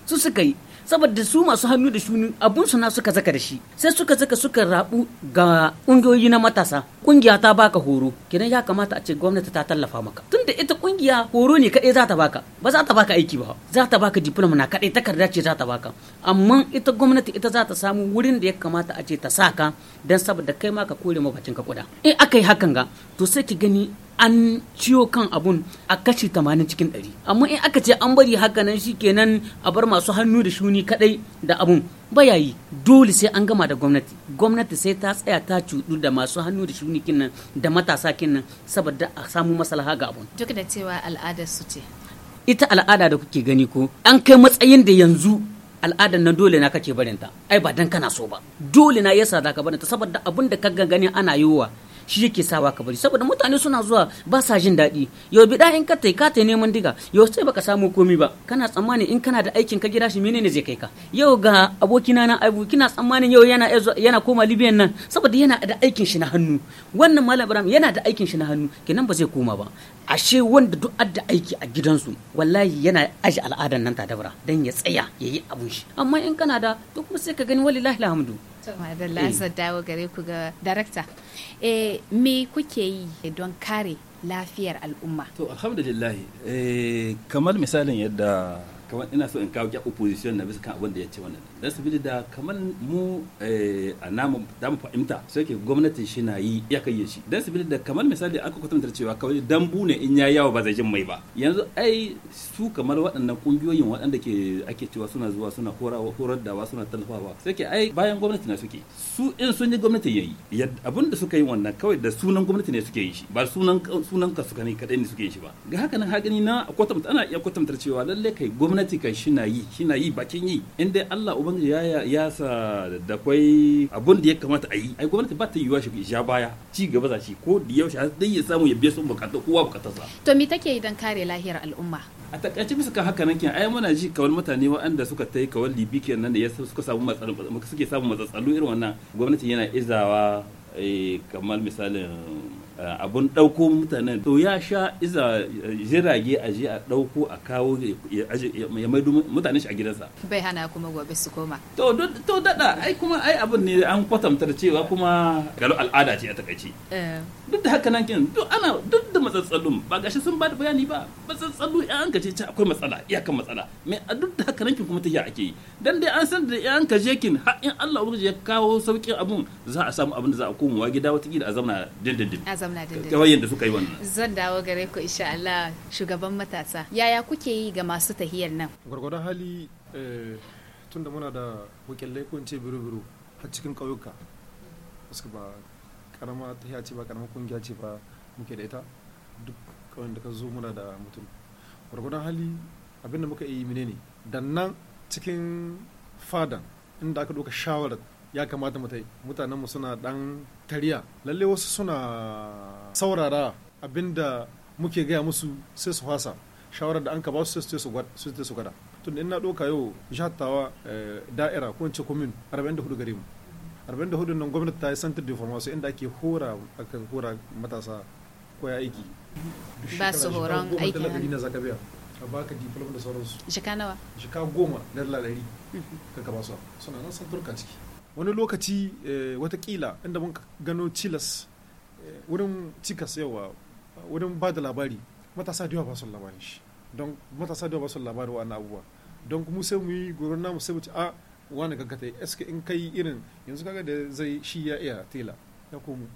su suka yi saboda su masu hannu da shuni abun su na suka zaka da shi sai suka zaka suka rabu ga kungiyoyi na matasa kungiya ta baka horo kenan ya kamata a ce gwamnati ta tallafa maka tunda ita kungiya horo ne kadai za ta baka ba za ta baka aiki ba za ta baka diploma na kadai takarda ce za ta baka amma ita gwamnati ita za ta samu wurin da ya kamata a ce ta saka dan saboda kai ma ka kore ma ka kuda in akai hakan ga to sai ki gani an ciwo kan abun a kashi 80 cikin ɗari. amma in aka ce an bari haka nan kenan a bar masu hannu da shuni kadai da abun bayayi dole sai an gama da gwamnati gwamnati sai ta tsaya ta cudu da masu hannu da shuni nan da matasa nan saboda a samu maslaha ga abun duk da cewa al'ada su ce ita al'ada da kuke gani ko an kai matsayin da yanzu al'adar na dole na kake barinta ai ba dan kana so ba dole na yasa za ka barinta saboda abun da ka gani ana yiwa shi yake sawa ka bari saboda mutane suna zuwa ba sa jin daɗi yau bida in ka tai ka tai neman diga yau sai baka samu komi ba kana tsammani in kana da aikin ka gida shi menene zai kai ka yau ga abokina na abu kina tsammanin yau yana yana koma Libyan nan saboda yana da aikin shi na hannu wannan malam Ibrahim yana da aikin shi na hannu kenan ba zai koma ba ashe wanda duk adda aiki a gidansu wallahi yana aji al'adan nan ta dabra dan ya tsaya yayi abun shi amma in kana da to kuma sai ka gani wallahi alhamdu madalla eh. dawo gare ku ga darakta eh me kuke yi don kare lafiyar al'umma to alhamdulillah eh, kamar misalin yadda kamar ina so in kawo kya opposition na bisa kan abin da ya ce wannan dan sabili da kamar mu eh, a namu da mu fahimta sai ke gwamnati shi na yi ya kai shi dan sabili da kamar misali aka kwatanta cewa kawai dambu ne in ya yawo ba zai jin mai ba yanzu ai su kamar waɗannan kungiyoyin waɗanda ke ake cewa suna zuwa suna horar dawa suna talfawa sai ke ai bayan gwamnati na suke su in sun yi gwamnati yayi abin da suka yi wannan kawai da sunan gwamnati ne suke yi shi ba sunan sunan ka suka ne kadai ne suke yi shi ba ga haka nan ha na kwatanta ana iya kwatanta cewa lalle kai gwamnati gwamnati kan shi na yi shi na yi bakin yi in dai Allah ubangiji ya ya sa da kwai abun da ya kamata a yi ai gwamnati ba ta yiwa shi ja baya ci gaba za shi ko da yaushe har dai ya samu ya biya su bukatu kowa bukatarsa to me take idan kare lahiyar al'umma a takaice bisa kan haka nan ai muna ji kawal mutane waɗanda suka tai yi kawal libi kenan da ya suka samu matsalolin suke samu irin wannan gwamnati yana izawa eh, kamar misalin Eh, abun ɗauko mutane to ya sha iza eh, jirage a je a ɗauko a kawo ya maido mutane shi a gidansa bai hana kuma gobe su koma to to ai kuma ai abun ne an kwatantar cewa kuma galo al'ada ce a takaici eh. duk da haka nan kin duk ana duk da matsatsalun ba gashi sun bada bayani ba matsatsalu ya an kace akwai matsala iyakan matsala me a duk da haka nan kin kuma ta ya ake yi dan dai an san da ya an kaje kin har in Allah ya kawo sauƙin abun za a samu abin da za a wa gida wata gida a zauna dindindin da dare. kawai yadda suka yi wannan zan dawo gare ku insha Allah shugaban matasa yaya kuke yi ga masu tahiyar nan gwargwadon hali eh, tun da muna da wakil laifin ce biro-biro har cikin ƙauyuka suka ba karama tahiya ce ba karama kungiya ce ba muke da ita duk ƙauyen da ka zo muna da mutum gwargwadon hali abin da muka yi mine ne nan cikin fadan inda aka ɗauka shawarar ya kamata mu mutanen mu suna dan tariya lalle wasu suna saurara abinda muke gaya musu sai su fasa shawarar da an ka ba su sai su gada tun in na ɗauka yau jihattawa eh, da'ira ko ce komin 44 gare mu 44 nan gwamnati ta yi santar da information inda ake hora aka hora matasa ko ya aiki ba su horon aiki na zaka biya a baka diploma da sauransu shika nawa shika goma na lalari mhm. ka ka ba su suna nan santurka ciki wani lokaci eh, watakila inda mun gano cilas eh, wurin cikas yawa wurin ba da labari matasa da yawa ba su labarin shi don matasa da yawa ba su labarin wa abubuwa don kuma sai mu yi gurin namu sai mu a wani gaggata eske in kai irin yanzu kaga da zai shi ya iya tela ya komo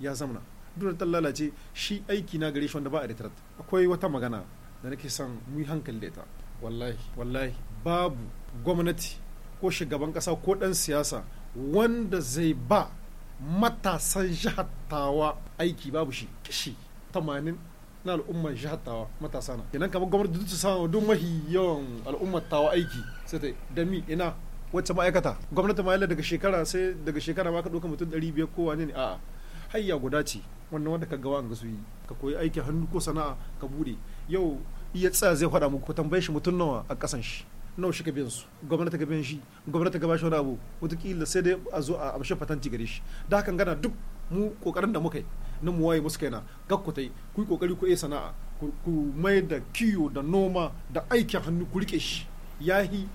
ya zamna duk ta lalace shi aiki na gare shi wanda ba a retret akwai wata magana da nake son mu yi hankali da ita wallahi wallahi babu gwamnati ko shugaban kasa ko dan siyasa wanda zai ba matasan jihar aiki babu shi kishi tamanin na al'ummar jihar matasa na kenan kamar gwamnati duk sama duk mahi yawan al'ummar tawa aiki sai ta da mi ina wacce ma'aikata gwamnati ma daga shekara sai daga shekara ma ka ɗauka mutum ɗari biyar ko wani ne a'a hayya guda ce wannan wanda ka gawa an ga su yi ka koyi aikin hannu ko sana'a ka bude yau iya tsaya zai faɗa muku tambaye shi mutum nawa a ƙasan shi nawa shi ka biyan su gwamnati ka biyan shi gwamnati ka bashi wani abu wataƙila sai dai a zo a amshe fatanci gare shi da hakan gana duk mu ƙoƙarin da muka yi na mu waye musu kaina yi ku yi kokari ku iya sana'a ku mai da kiyo da noma da aikin hannu ku rike shi yahi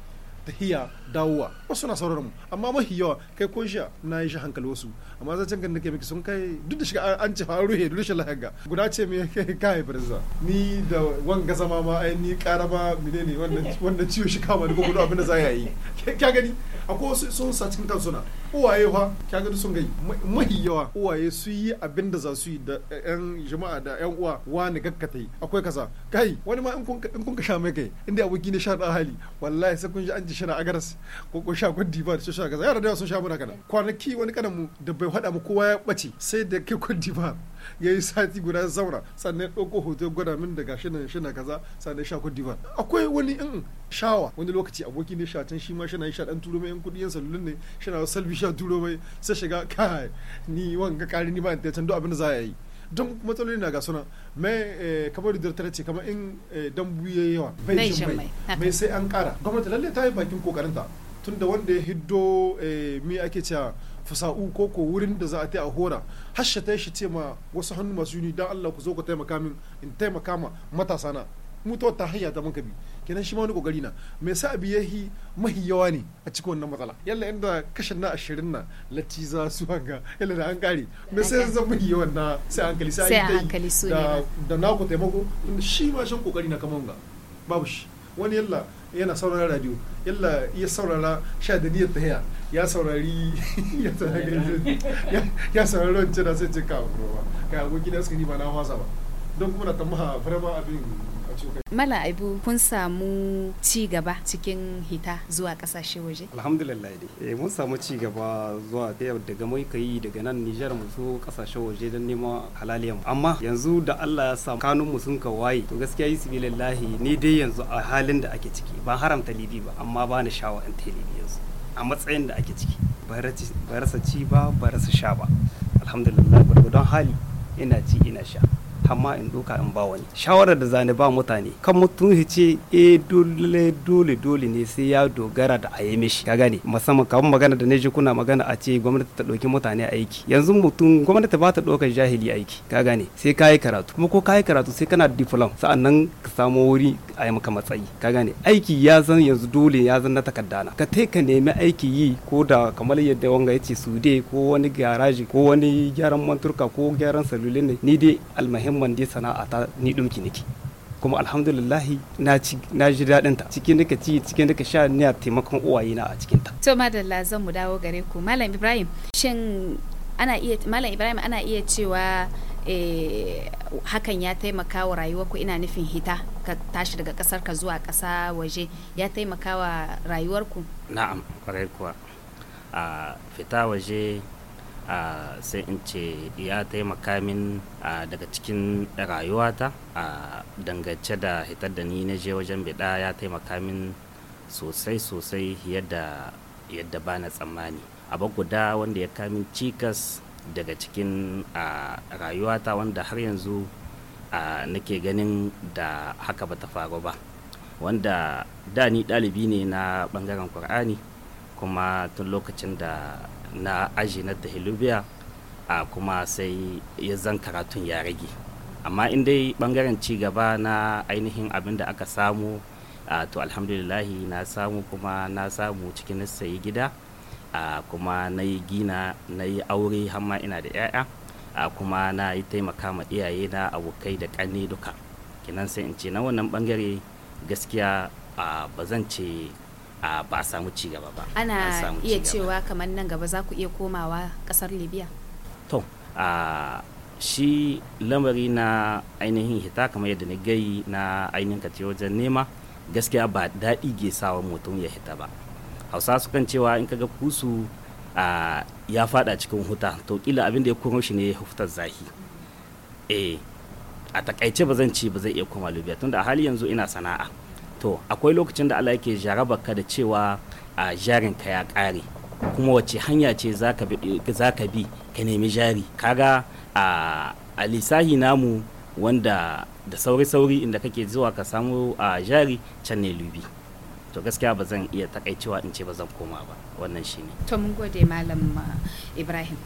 tahiya dawowa wasu na sauraron mu amma mafi yawa kai ko jiya na yi shi hankali wasu amma zancen kan nake miki sun kai duk da shiga an ce an ruhe duk shi lahaga guda ce me kai kai firza ni da wanga zama ma ai ni ƙara ba mine ne wanda ciwo shi kama da gudu abin da za yi kai ka gani akwai wasu sun sa cikin kansu na uwaye fa kaga da sun gai mahi yawa uwaye su yi abin da za su yi da yan jama'a da yan uwa wani gaggata yi akwai kaza kai wani ma in kun ka sha mai kai inda aboki ne sha da hali wallahi sai kun ji an ji shi na agaras ko ko sha kun ba da sha kaza yara da sun sha muna kana kwanaki wani kana mu da bai fada mu kowa ya bace sai da kai kun ba ya yi sati guda zaura sannan ɗauko hoto gwada min daga shi shi na kaza sannan sha kudi ba akwai wani in shawa wani lokaci aboki ne shatan shi ma na yi shaɗan turu mai yan kuɗi yan salulun ne shi na salbi a turo mai sai shiga kai ni wanga kare ni ba ta can duk abin da za a yi don matsaloli na ga suna mai eh, kamar da tare ce kamar in eh, dambu buye yawa bai shi mai mai sai an kara gwamnati lalle ta yi bakin kokarinta tunda wanda ya hiddo eh, mi ake cewa fasa'u ko ko wurin da za a ta a hora hasha ta shi ce ma wasu hannu masu yuni dan Allah ku zo ku taimaka min in taimaka ma matasa na mutuwar ta hanya ta mankabi bi kenan shi ma wani kokari na me sa abu yahi mahi yawa ne a cikin wannan matsala yalla inda kashin na ashirin na lati za su hanga yalla da an kare me sai zan mahi yawan na sai hankali sai hankali su da da na ku taimako shi ma shan kokari na kaman ga babu shi wani yalla yana saurara radio yalla ya saurara sha da niyyar tahiya ya saurari ya saurari ya saurari wancan da sai cika ba kai abokin da suka ni ba na wasa ba don kuma na tamaha fara ma abin Mala Aibu kun samu ci gaba cikin hita zuwa kasashe waje? Alhamdulillah dai. Eh, mun samu ci gaba zuwa daga mai kai daga nan Nijar mu zo kasashe waje don neman halaliyan mu. Amma yanzu da Allah ya samu kanun mu sun waye to gaskiya yi billahi ni dai yanzu a halin da ake ciki ba haramta libi ba amma ba ni shawa in ta libi yanzu a matsayin da ake ciki ba rasa ci ba ba rasa sha ba alhamdulillah gwargwadon hali ina ci ina sha hamma in doka in ba wani shawarar da zane ba mutane kan mutum ce e dole dole dole ne sai ya dogara da a yi mishi ka gane musamman kamar magana da neji kuna magana a ce gwamnati ta ɗauki mutane aiki yanzu mutum gwamnati ba ta ɗaukar jahili aiki ka gane sai ka yi karatu kuma ko ka yi karatu sai kana da diplom sa'annan ka samu wuri a yi maka matsayi ka gane aiki ya zan yanzu dole ya zan na takaddana na ka ka nemi aiki yi ko da kamar yadda wanga ya ce su ko wani garaji ko wani gyaran manturka ko gyaran salulin ne ni dai almahim musamman dai sana'a ta ni ɗauki nake kuma alhamdulillahi na ci na ji daɗin ta cikin duka ci cikin duka sha ni taimakon uwaye na a cikin ta to madalla zan mu dawo gare ku malam ibrahim shin ana iya malam ibrahim ana iya cewa eh, hakan ya taimaka wa rayuwar ku ina nufin hita ka tashi daga kasar ka zuwa kasa waje ya taimaka wa rayuwar ku na'am kwarai kuwa a ah, fita waje a sai in ce ya taimaka min daga cikin rayuwata a dangance da hitar da ni na je wajen bida ya taimaka min sosai sosai yadda yadda ba na tsammani abu guda wanda ya kamin cikas daga cikin rayuwata wanda har yanzu nake ganin da haka ba ta faru ba wanda da ni ɗalibi ne na ɓangaren kur'ani kuma tun lokacin da na aji na dahilubiya a kuma sai ya zan karatun ya rage amma in dai bangaren ci gaba na ainihin abin da aka samu a to alhamdulillahi na samu kuma na samu cikin sayi gida a kuma na yi gina na yi aure hamma ina da 'ya'ya a kuma na yi taimaka ma iyaye na abokai da ƙanne duka kinan sai in ce na wannan bangare gaskiya ba zan ce a ba a samu ci ba ana iya cewa kamar nan gaba za ku iya komawa kasar libya to a shi lamari na ainihin hita kamar yadda na gai na ainihin kace wajen nema gaskiya ba daɗi ke sawa mutum ya hita ba hausa su kan cewa in kaga kusu a ya fada cikin huta to kila abinda ya koma shi ne ya hutar zahi eh a takaice ba zan ce ba zai iya koma libya tunda a hali yanzu ina sana'a to akwai lokacin da Allah yake jaraba ka da cewa a jarin ka ya ƙare kuma wace hanya ce za ka bi ka nemi jari kaga a lisahi namu wanda da sauri-sauri inda kake zuwa ka samu a jari can ne lubi to gaskiya ba zan iya takaicewa in ce ba zan koma ba wannan shine to mun gode malam ibrahim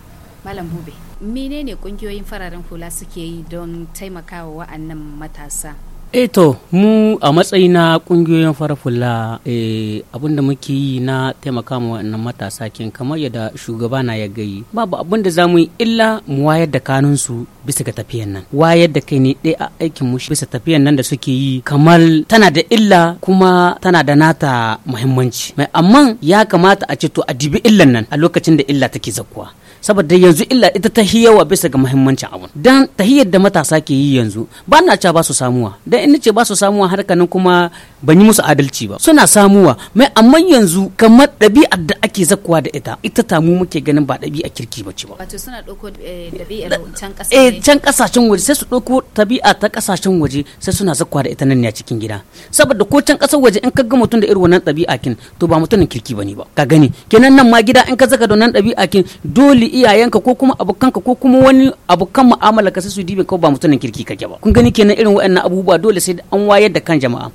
malam bube menene kungiyoyin fararen hula suke yi don taimakawa wa'annan matasa Eh, to mu a matsayi na kungiyoyin farafula e, eh, da muke yi na taimaka ma wannan matasa kin kamar yadda shugaba na ya gayi babu abin da zamu yi illa mu wayar da kanunsu bisa ga tafiyan nan wayar da kai ne ɗaya a aikin mu bisa tafiyan nan da suke yi kamar tana da illa kuma tana da nata muhimmanci mai amman ya kamata a ce to a dibi illan nan a lokacin da illa take zakuwa saboda yanzu illa ita ta yawa bisa ga muhimmancin abun dan tahiyar da matasa ke yi yanzu ba na cewa ba su samuwa dan in ce ba su samuwa harka nan kuma ban yi musu adalci ba suna samuwa mai amma yanzu kamar ɗabi'ar da ake zakuwa da ita ita ta mu muke ganin ba ɗabi'a kirki ba ce ba wato suna ɗauko eh, ɗabi'ar can ƙasa eh can ƙasashen waje sai su ɗauko ɗabi'a ta ƙasashen waje sai suna zakuwa da ita nan ne a cikin gida saboda ko can ƙasar waje in ka ga mutum da irin wannan ɗabi'a kin to ba mutumin kirki bane ba ka gani kenan nan ma gida in ka zaka da wannan ɗabi'a kin dole dibi iyayenka ko kuma abokanka ko kuma wani abokan mu'amala ka sai su dibe ka ba mutumin kirki kake ba kun gani kenan irin waɗannan abubuwa dole sai an wayar da kan jama'a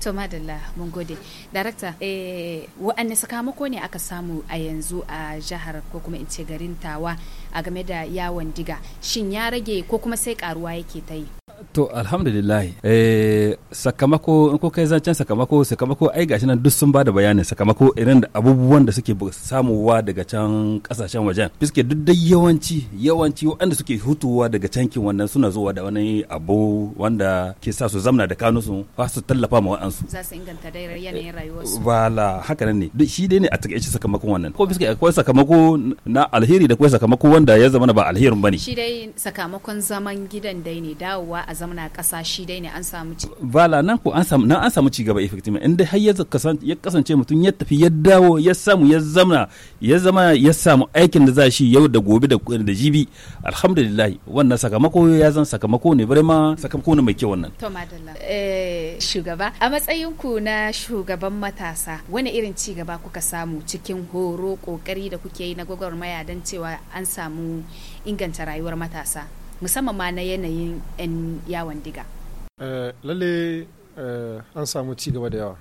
to madalla mun gode Darakta, eh, wa'anne sakamako ne aka samu a yanzu a jihar ko kuma in ce garin tawa a game da yawon diga shin ya rage ko kuma sai karuwa yake ta yi? To alhamdulillah eh, sakamako in ko kai zancen sakamako sakamako ai gashi nan duk sun bada bayanin sakamako irin da abubuwan da suke samuwa daga can kasashen wajen fiske duk dai yawanci yawanci waɗanda suke hutuwa daga cankin wannan suna zuwa da wani abu wanda ke sa su zamna da kanu su ba su tallafa ma wa'ansu. Za su inganta yanayin rayuwarsu wala haka nan ne duk shi dai ne a takaice sakamakon wannan ko bisa akwai sakamako na alheri da kuma sakamako wanda ya zama ba alherin bane shi dai sakamakon zaman gidan dai ne dawowa a zamana kasa shi dai ne an samu ci wala nan ko an samu nan an samu ci gaba in inda har ya kasance ya kasance mutum ya tafi ya dawo ya samu ya zamana ya zama ya samu aikin da za shi yau da gobe da da jibi alhamdulillah wannan sakamako ya zan sakamako ne bare ma sakamako ne mai kyau wannan to madalla eh shugaba a matsayin na shugaba gaban matasa wani irin ci gaba kuka samu cikin horo kokari da kuke yi na gwagwarmaya don cewa an samu inganta rayuwar matasa musamman ma na yanayin 'yan yawon diga eh, lalle eh, an samu ci gaba da yawa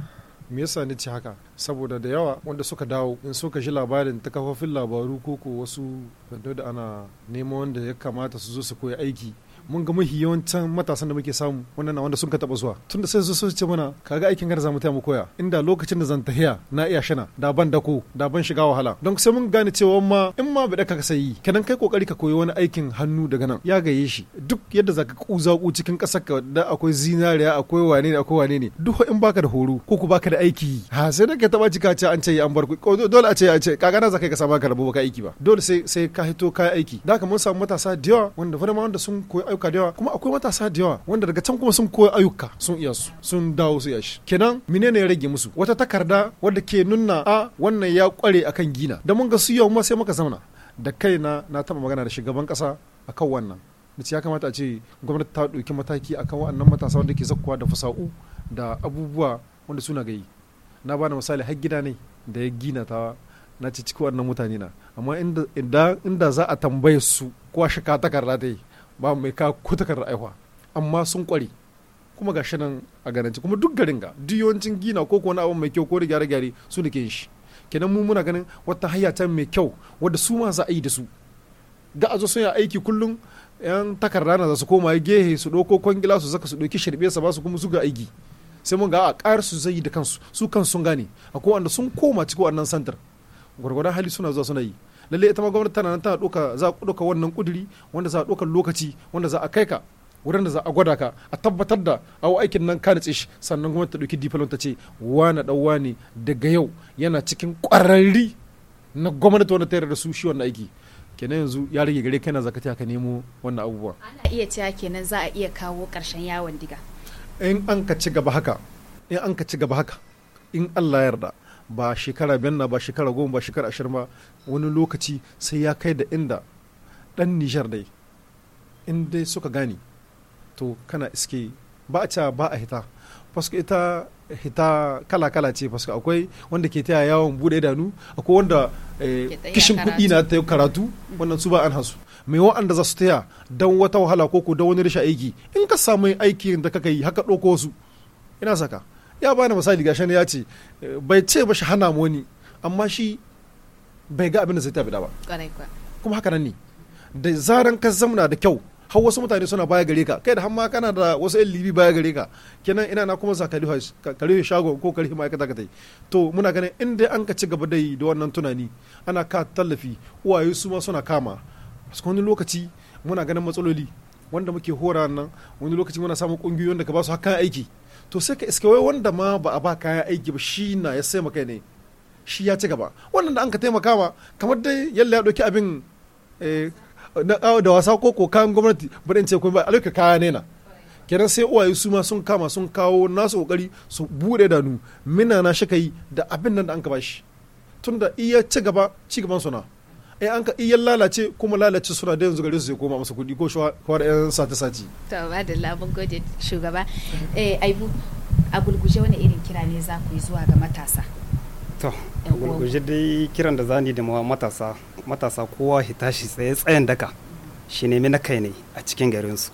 me yasa ni ce haka saboda da yawa wanda suka dawo in suka shi labarin ta kafofin labaru ko ko wasu da ana neman wanda ya kamata su zo su koyi aiki mun ga mahi yawancin matasan da muke samu wannan na wanda sun ka taba zuwa tunda sai su ce mana kaga aikin gar za mu taya mu koya inda lokacin da zan tahiya na iya shana da ban dako da ban shiga wahala don sai mun gane cewa ma in ma bada ka sai kenan kai kokari ka koyi wani aikin hannu daga nan ya gaye shi duk yadda zaka kuza ku cikin kasar ka da akwai zinariya akwai wane ne akwai wane ne duk in baka da horo ko ku baka da aiki ha sai da ka taba ka ce an ce an bar ku dole a ce a ce kaga na zaka ka samu ka rabu ka aiki ba dole sai sai ka hito ka aiki da ka mun samu matasa da yawa wanda ma wanda sun koyi ayyuka da yawa kuma akwai matasa da yawa wanda daga can kuma sun koyi ayyuka sun iya su sun dawo su iya kenan menene ya rage musu wata takarda wadda ke nuna a wannan ya kware akan gina da mun ga su yau ma sai muka zauna da kaina na taba magana da shugaban kasa akan wannan mace ya kamata a ce gwamnati ta dauki mataki akan wannan matasa wanda ke zakkuwa da fasa'u da abubuwa wanda suna gayi na bana misali har gida ne da ya gina ta na ci ciki wannan mutane na amma inda za a tambaye su ko a shaka takarda ta ba mai ka kutakar takardar amma sun kware kuma ga nan a garanci kuma duk garin ga duk yawancin gina ko kuma abu mai kyau ko da gyare-gyare su ne ke shi kenan mu muna ganin wata hayya ta mai kyau wadda su ma za a yi da su da a zo sun yi aiki kullum yan takarda na za su koma gehe su ɗauko kwangila su zaka su ɗauki sharbe sa ba su kuma su ga aiki sai mun ga a ƙayar su zai yi da kansu su kan sun gane akwai wanda sun koma cikin wannan santar gwargwadon hali suna zuwa suna yi lalle ita ma gwamnati tana nan tana doka za a doka wannan kuduri wanda za a doka lokaci wanda za a kai ka wurin da za a gwada ka a tabbatar da awo aikin nan ka nutse shi sannan gwamnati ta dauki diploma ta ce wani dan wani daga yau yana cikin kwararri na gwamnati wanda ta yarda da su shi wannan aiki kenan yanzu ya rage gare kai na zakati ka nemo wannan abubuwa ana iya cewa kenan za a iya kawo karshen yawon diga in an ka ci gaba haka in an ka ci gaba haka in Allah Ya yarda ba shekara biyar na ba shekara goma ba shekara ashirin ba wani lokaci sai ya kai da inda dan nijar dai inda suka gani to kana iske ba a ca ba a hita fasko ita hita kala-kala ce fasko akwai wanda ke taya yawon bude idanu akwai wanda eh, kishin kudi na ta karatu wannan su ba an hasu mai wa'anda za su taya don wata wahala ko ko don wani rashin aiki in ka samu aiki da kaka yi haka ɗauko su ina saka ya bani misali gashi ne ya ce bai ce ba shi hana mu wani amma shi bai ga abin da zai tafi da ba kuma haka nan ne da zaran ka zamna da kyau har wasu mutane suna baya gare ka kai da ma kana da wasu yan libi baya gare ka kenan ina na kuma za ka rufe shago ko ka rufe ma'aikata ka tai to muna ganin in dai an ka ci gaba da yi da wannan tunani ana ka tallafi uwaye su ma suna kama a wani lokaci muna ganin matsaloli wanda muke hora nan wani lokaci muna samun kungiyoyin da ka ba su hakan aiki to sai ka iske wai wanda ma ba a ba kaya aiki ba shi na ya sai maka ne shi ya ci gaba wannan da an ka taimaka ma kamar dai yalla ya dauki abin eh, ah, da wasa ko ko gwamnati ba in ce ko ba a kaya ne na kenan sai uwaye su ma sun kama sun kawo nasu kokari su bude nu mina na shi da abin nan da an ka bashi tunda iya ci gaba ci gaban suna in eh, an ka iya lalace kuma lalace suna da yanzu gare su koma masa kudi ko shawar yan sati sati to da mun gode shugaba eh aibu a gulguje wani irin kira ne za ku yi zuwa ga matasa to a gulguje dai kiran da zani da matasa matasa kowa ya tashi tsaye tsayen daka shi nemi na kai ne a cikin garin su.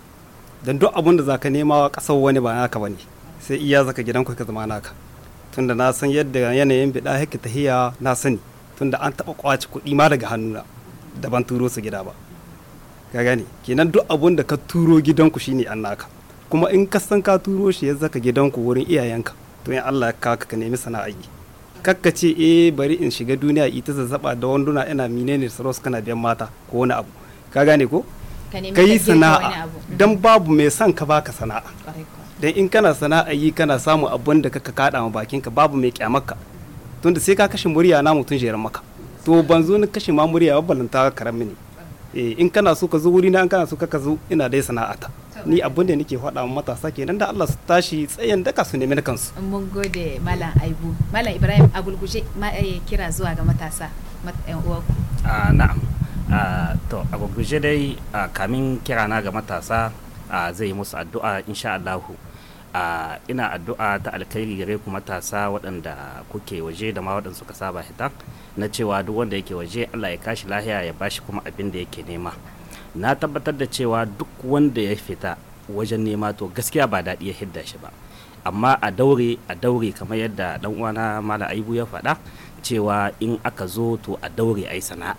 don duk abin da za ka nema kasar wani ba naka ba ne sai iya zaka gidanku ka zama naka tunda na san yadda yanayin biɗa haka tahiya na sani tunda an taɓa kwace kuɗi ma daga hannuna da ban turo su gida ba ka gane kenan duk abun da ka turo gidanku shine an naka kuma in ka san ka turo shi ya zaka gidanku wurin iyayenka to in Allah ya kaka ka nemi sana'a yi kakka ce eh bari in shiga duniya ita zazzaba da wanduna ina menene rosu kana biyan mata ko wani abu ka gane ko ka yi sana'a dan babu mai son ka baka sana'a dan in kana sana'a yi kana samu abun da kaka kada ma bakinka babu mai kyamarka tunda sai ka kashe murya na mutun jeran maka to ban zo ni kashe ma murya ballanta karam ne eh in kana so ka zo wuri na in kana so ka zo ina dai sana'ata ni abin da nake faɗa matasa kenan da Allah su tashi tsayen daka su nemi kansu mun gode malam aibu malam ibrahim a gulguje eh, kira zuwa ga matasa yan uwa a ah, na'am ah, to a gulguje dai ah, kamin kira na ga matasa zai musu addu'a insha Allahu a ina addu'a ta alkhairi gare ku matasa waɗanda kuke waje da ma waɗanda suka saba hita na cewa duk wanda yake waje Allah ya kashi lahiya ya bashi kuma abin da yake nema na tabbatar da cewa duk wanda ya fita wajen nema to gaskiya ba daɗi ya hidda shi ba amma a daure a daure kamar yadda dan uwana malam aibu ya faɗa cewa in aka zo to a daure ai sana'a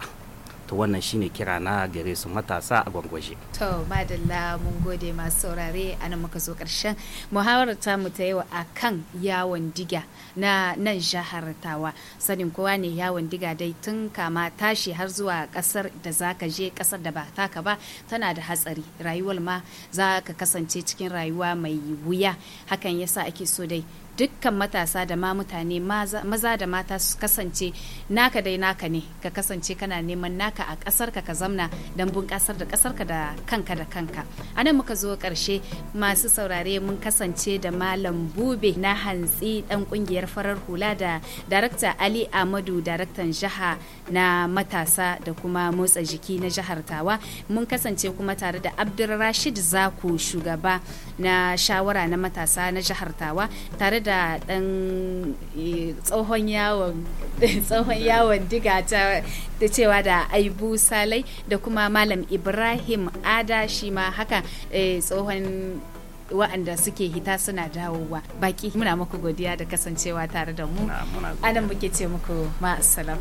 to wannan shine kira na gare su matasa a gwangwaje to madalla mun gode masu saurare a nan muka zo karshen muhawarar tamu ta a kan yawon diga na nan jihar tawa sanin kowa ne yawon diga dai tun kama tashi har zuwa kasar da zaka je kasar da ba taka ba tana da hatsari rayuwar ma za ka kasance cikin rayuwa mai wuya hakan yasa ake so dai dukkan matasa da ma mutane maza da mata su kasance naka dai naka ne ka kasance kana neman naka a kasar ka zamna don bunƙasar da kasar ka da kanka da kanka a nan muka zo ƙarshe masu saurare mun kasance da malam bube na hantsi ɗan ƙungiyar farar hula da darakta ali amadu daraktan jiha na matasa da kuma motsa jiki na jihar tawa mun kasance kuma tare da abdul rashid zaku shugaba na shawara na matasa na jihar tawa tare da dan tsohon yawon tsohon yawon diga ta da cewa da aibu salai da kuma malam ibrahim ada shi ma haka eh, tsohon wa'anda suke hita suna dawowa baki muna muku godiya da kasancewa tare da mu anan muke ce muku ma'asalam